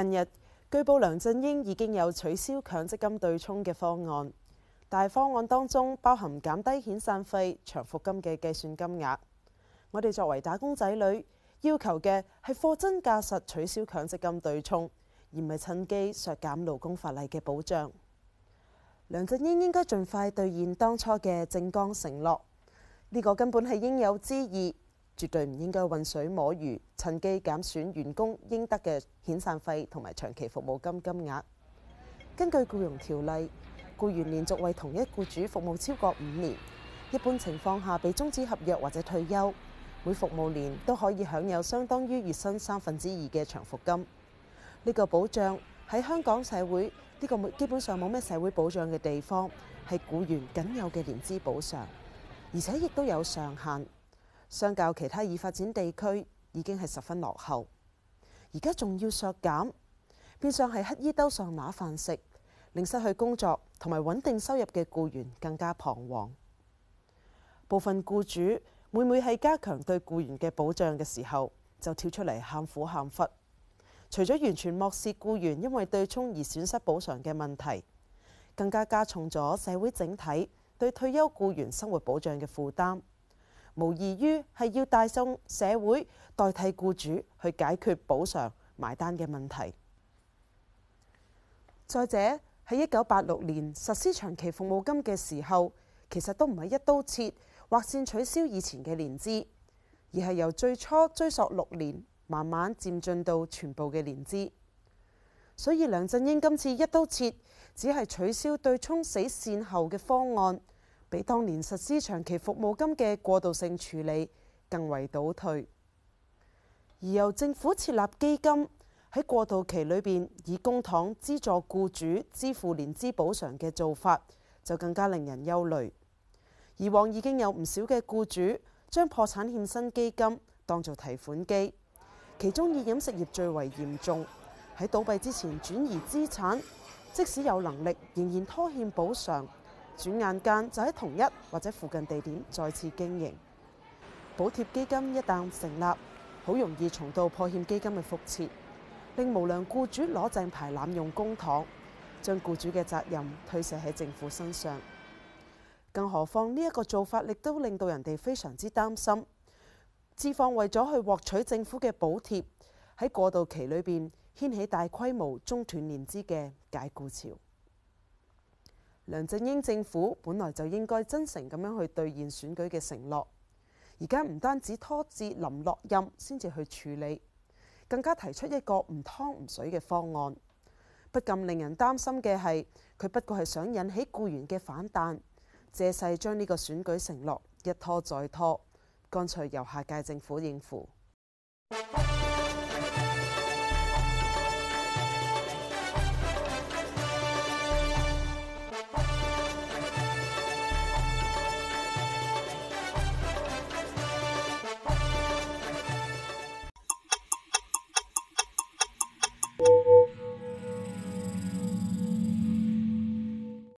近日據報梁振英已經有取消強積金對沖嘅方案，但係方案當中包含減低遣散費、長服金嘅計算金額。我哋作為打工仔女，要求嘅係貨真價實取消強積金對沖，而唔係趁機削減勞工法例嘅保障。梁振英應該盡快兌現當初嘅政綱承諾，呢、這個根本係應有之義。絕對唔應該混水摸魚，趁機減損員工應得嘅遣散費同埋長期服務金金額。根據僱傭條例，僱員連續為同一僱主服務超過五年，一般情況下被終止合約或者退休，每服務年都可以享有相當於月薪三分之二嘅長服金。呢個保障喺香港社會呢個基本上冇咩社會保障嘅地方，係僱員僅有嘅年資保障，而且亦都有上限。相較其他已發展地區，已經係十分落後，而家仲要削減，變相係乞兒兜上拿飯食，令失去工作同埋穩定收入嘅僱員更加彷徨。部分僱主每每係加強對僱員嘅保障嘅時候，就跳出嚟喊苦喊忽，除咗完全漠視僱員因為對沖而損失補償嘅問題，更加加重咗社會整體對退休僱員生活保障嘅負擔。無異於係要大眾社會代替僱主去解決補償埋單嘅問題。再者，喺一九八六年實施長期服務金嘅時候，其實都唔係一刀切劃線取消以前嘅年資，而係由最初追索六年，慢慢漸進到全部嘅年資。所以梁振英今次一刀切，只係取消對沖死線後嘅方案。比當年實施長期服務金嘅過渡性處理更為倒退，而由政府設立基金喺過渡期裏邊以公帑資助僱主支付年資補償嘅做法，就更加令人憂慮。以往已經有唔少嘅僱主將破產欠薪基金當做提款機，其中以飲食業最為嚴重。喺倒閉之前轉移資產，即使有能力仍然拖欠補償。轉眼間就喺同一或者附近地點再次經營，補貼基金一旦成立，好容易重蹈破欠基金嘅覆轍，令無良僱主攞正牌濫用公帑，將僱主嘅責任推卸喺政府身上。更何況呢一個做法，亦都令到人哋非常之擔心，置放為咗去獲取政府嘅補貼，喺過渡期裏邊掀起大規模中斷年資嘅解僱潮。梁振英政府本來就應該真誠咁樣去兌現選舉嘅承諾，而家唔單止拖至臨落任先至去處理，更加提出一個唔湯唔水嘅方案。不禁令人擔心嘅係，佢不過係想引起僱員嘅反彈，借勢將呢個選舉承諾一拖再拖，乾脆由下屆政府應付。